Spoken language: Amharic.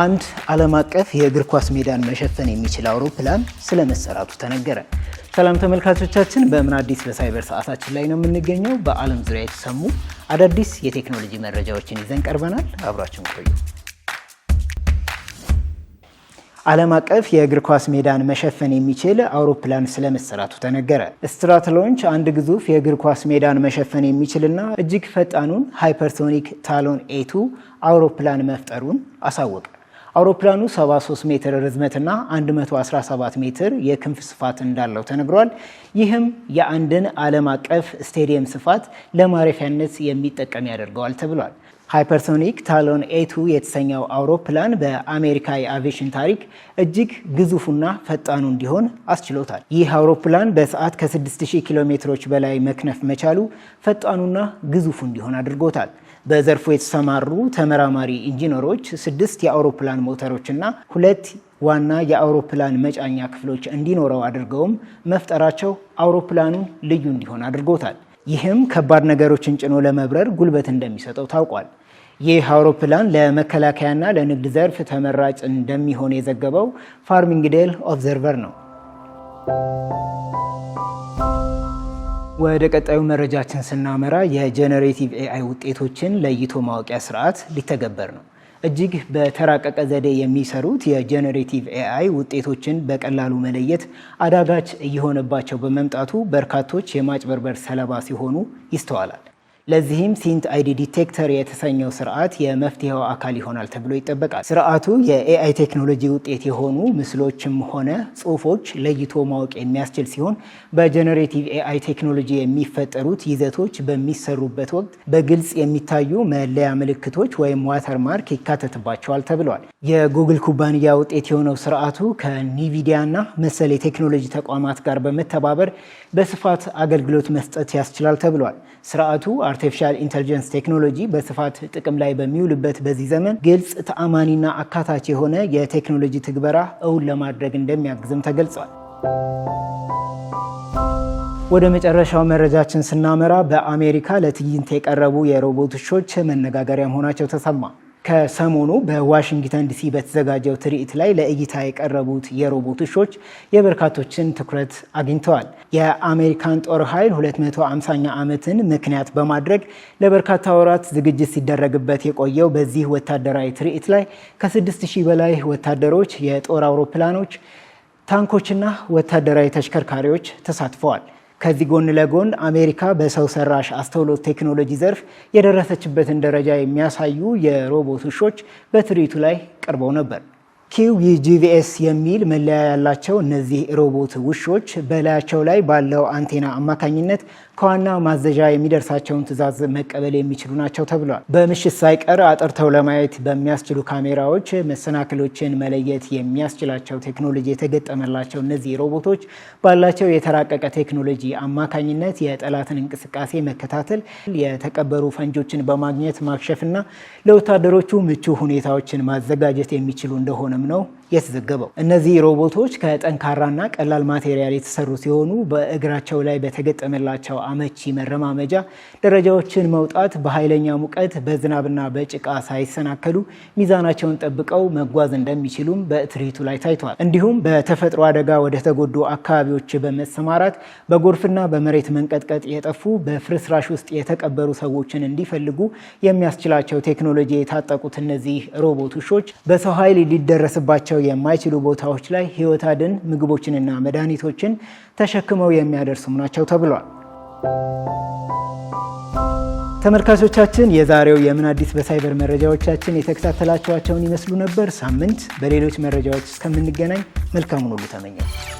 አንድ ዓለም አቀፍ የእግር ኳስ ሜዳን መሸፈን የሚችል አውሮፕላን ስለ መሰራቱ ተነገረ። ሰላም ተመልካቾቻችን፣ በምን አዲስ በሳይበር ሰዓታችን ላይ ነው የምንገኘው። በዓለም ዙሪያ የተሰሙ አዳዲስ የቴክኖሎጂ መረጃዎችን ይዘን ቀርበናል። አብራችን ቆዩ። ዓለም አቀፍ የእግር ኳስ ሜዳን መሸፈን የሚችል አውሮፕላን ስለመሰራቱ ተነገረ። ስትራት ሎንች አንድ ግዙፍ የእግር ኳስ ሜዳን መሸፈን የሚችልና እጅግ ፈጣኑን ሃይፐርሶኒክ ታሎን ኤቱ አውሮፕላን መፍጠሩን አሳወቀ። አውሮፕላኑ 73 ሜትር ርዝመትና 117 ሜትር የክንፍ ስፋት እንዳለው ተነግሯል። ይህም የአንድን ዓለም አቀፍ ስቴዲየም ስፋት ለማረፊያነት የሚጠቀም ያደርገዋል ተብሏል። ሃይፐርሶኒክ ታሎን ኤቱ የተሰኘው አውሮፕላን በአሜሪካ የአቪሽን ታሪክ እጅግ ግዙፉና ፈጣኑ እንዲሆን አስችሎታል። ይህ አውሮፕላን በሰዓት ከ6000 ኪሎ ሜትሮች በላይ መክነፍ መቻሉ ፈጣኑና ግዙፉ እንዲሆን አድርጎታል። በዘርፉ የተሰማሩ ተመራማሪ ኢንጂነሮች ስድስት የአውሮፕላን ሞተሮችና ሁለት ዋና የአውሮፕላን መጫኛ ክፍሎች እንዲኖረው አድርገውም መፍጠራቸው አውሮፕላኑ ልዩ እንዲሆን አድርጎታል። ይህም ከባድ ነገሮችን ጭኖ ለመብረር ጉልበት እንደሚሰጠው ታውቋል። ይህ አውሮፕላን ለመከላከያና ለንግድ ዘርፍ ተመራጭ እንደሚሆን የዘገበው ፋርሚንግዴል ኦብዘርቨር ነው። ወደ ቀጣዩ መረጃችን ስናመራ የጄኔሬቲቭ ኤአይ ውጤቶችን ለይቶ ማወቂያ ስርዓት ሊተገበር ነው። እጅግ በተራቀቀ ዘዴ የሚሰሩት የጄኔሬቲቭ ኤአይ ውጤቶችን በቀላሉ መለየት አዳጋች እየሆነባቸው በመምጣቱ በርካቶች የማጭበርበር ሰለባ ሲሆኑ ይስተዋላል። ለዚህም ሲንት አይዲ ዲቴክተር የተሰኘው ስርዓት የመፍትሄው አካል ይሆናል ተብሎ ይጠበቃል። ስርዓቱ የኤአይ ቴክኖሎጂ ውጤት የሆኑ ምስሎችም ሆነ ጽሁፎች ለይቶ ማወቅ የሚያስችል ሲሆን በጀነሬቲቭ ኤአይ ቴክኖሎጂ የሚፈጠሩት ይዘቶች በሚሰሩበት ወቅት በግልጽ የሚታዩ መለያ ምልክቶች ወይም ዋተር ማርክ ይካተትባቸዋል ተብሏል። የጉግል ኩባንያ ውጤት የሆነው ስርዓቱ ከኒቪዲያ እና መሰል የቴክኖሎጂ ተቋማት ጋር በመተባበር በስፋት አገልግሎት መስጠት ያስችላል ተብሏል። ስርዓቱ አርቲፊሻል ኢንተልጀንስ ቴክኖሎጂ በስፋት ጥቅም ላይ በሚውልበት በዚህ ዘመን ግልጽ ተአማኒና አካታች የሆነ የቴክኖሎጂ ትግበራ እውን ለማድረግ እንደሚያግዝም ተገልጿል። ወደ መጨረሻው መረጃችን ስናመራ በአሜሪካ ለትዕይንት የቀረቡ የሮቦት ውሾች መነጋገሪያ መሆናቸው ተሰማ። ከሰሞኑ በዋሽንግተን ዲሲ በተዘጋጀው ትርኢት ላይ ለእይታ የቀረቡት የሮቦት ውሾች የበርካቶችን ትኩረት አግኝተዋል። የአሜሪካን ጦር ኃይል 250ኛ ዓመትን ምክንያት በማድረግ ለበርካታ ወራት ዝግጅት ሲደረግበት የቆየው በዚህ ወታደራዊ ትርኢት ላይ ከ6000 በላይ ወታደሮች፣ የጦር አውሮፕላኖች፣ ታንኮችና ወታደራዊ ተሽከርካሪዎች ተሳትፈዋል። ከዚህ ጎን ለጎን አሜሪካ በሰው ሰራሽ አስተውሎት ቴክኖሎጂ ዘርፍ የደረሰችበትን ደረጃ የሚያሳዩ የሮቦት ውሾች በትርኢቱ ላይ ቀርበው ነበር። ኪዩጂቪኤስ የሚል መለያ ያላቸው እነዚህ ሮቦት ውሾች በላያቸው ላይ ባለው አንቴና አማካኝነት ከዋና ማዘዣ የሚደርሳቸውን ትዕዛዝ መቀበል የሚችሉ ናቸው ተብሏል። በምሽት ሳይቀር አጥርተው ለማየት በሚያስችሉ ካሜራዎች መሰናክሎችን መለየት የሚያስችላቸው ቴክኖሎጂ የተገጠመላቸው እነዚህ ሮቦቶች ባላቸው የተራቀቀ ቴክኖሎጂ አማካኝነት የጠላትን እንቅስቃሴ መከታተል፣ የተቀበሩ ፈንጆችን በማግኘት ማክሸፍና ለወታደሮቹ ምቹ ሁኔታዎችን ማዘጋጀት የሚችሉ እንደሆነ ነው የተዘገበው። እነዚህ ሮቦቶች ከጠንካራና ቀላል ማቴሪያል የተሰሩ ሲሆኑ በእግራቸው ላይ በተገጠመላቸው አመቺ መረማመጃ ደረጃዎችን መውጣት፣ በኃይለኛ ሙቀት በዝናብና በጭቃ ሳይሰናከሉ ሚዛናቸውን ጠብቀው መጓዝ እንደሚችሉም በትርኢቱ ላይ ታይቷል። እንዲሁም በተፈጥሮ አደጋ ወደ ተጎዱ አካባቢዎች በመሰማራት በጎርፍና በመሬት መንቀጥቀጥ የጠፉ በፍርስራሽ ውስጥ የተቀበሩ ሰዎችን እንዲፈልጉ የሚያስችላቸው ቴክኖሎጂ የታጠቁት እነዚህ ሮቦት ውሾች በሰው ኃይል ሊደረስባቸው ሊደርሷቸው የማይችሉ ቦታዎች ላይ ህይወት አድን ምግቦችንና መድኃኒቶችን ተሸክመው የሚያደርሱም ናቸው ተብሏል። ተመልካቾቻችን የዛሬው የምን አዲስ በሳይበር መረጃዎቻችን የተከታተላችኋቸውን ይመስሉ ነበር። ሳምንት በሌሎች መረጃዎች እስከምንገናኝ መልካሙን ሁሉ ተመኘው።